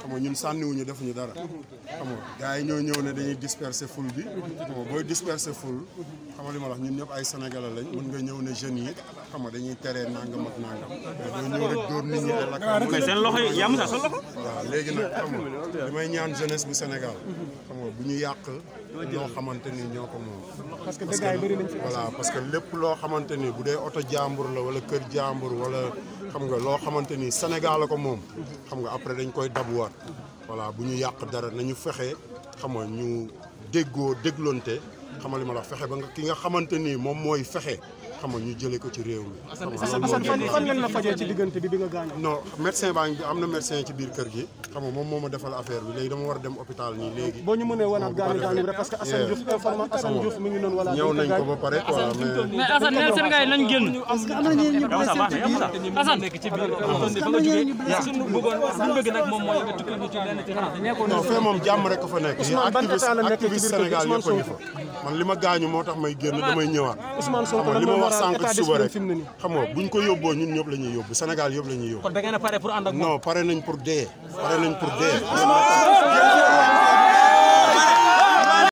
xam nga ñun sànniwuñu defuñu dara xam nga gars yi ñoo ñëw ne dañuy disperser foule bi xam nga booy disperser foule xam nga li ma wax ñun ñëpp ay sénégalais lañ mën nga ñëw ne jeunes yi xam nga dañuy tere nangam ak nangam mais doo ñëw rek dóor nit ñi de lakk mais seen loxo yi yam sa sa waaw léegi nag xam nga li may ñaan jeunesse bu Sénégal xam nga bu ñu yàq ñoo xamante ni ñoo ko moom. parce que voilà parce que lépp loo xamante ni bu dee oto jàmbur la wala kër jàmbur wala xam nga loo xamante ni Sénégal la ko moom. xam nga après dañ koy dabuwaat. voilà bu ñu yàq dara nañu fexe xam ñu déggoo dégloonte. xamal ma la fexe ba ki nga xamante ni moom mooy fexe. xam nga ñu jëlee ko ci réew mi. xam nga fan fan ngeen la fajee bi bi nga gaañoo. non am na médecin ci biir kër gi. xam nga moom moo ma defal affaire bi léegi a dem hôpital nii léegi. boo ñu mënee wanaat gaañu gaañu noonu. nañ ko ba pare quoi mais. mais Assane neel seen ci biir. moom fee moom jàmm rek fa nekk. Ousmane ban état la nekk ci biir kër gi Ousmane Sonko man li ma gaañu moo tax may génn damay ñëwaat. wax sànq suba rek xam nga ko yóbboo ñun ñëpp la yóbbu Sénégal yëpp la yóbbu. kon a pare pour ànd ak moom non pare nañ pour dee. pare nañ pour dee.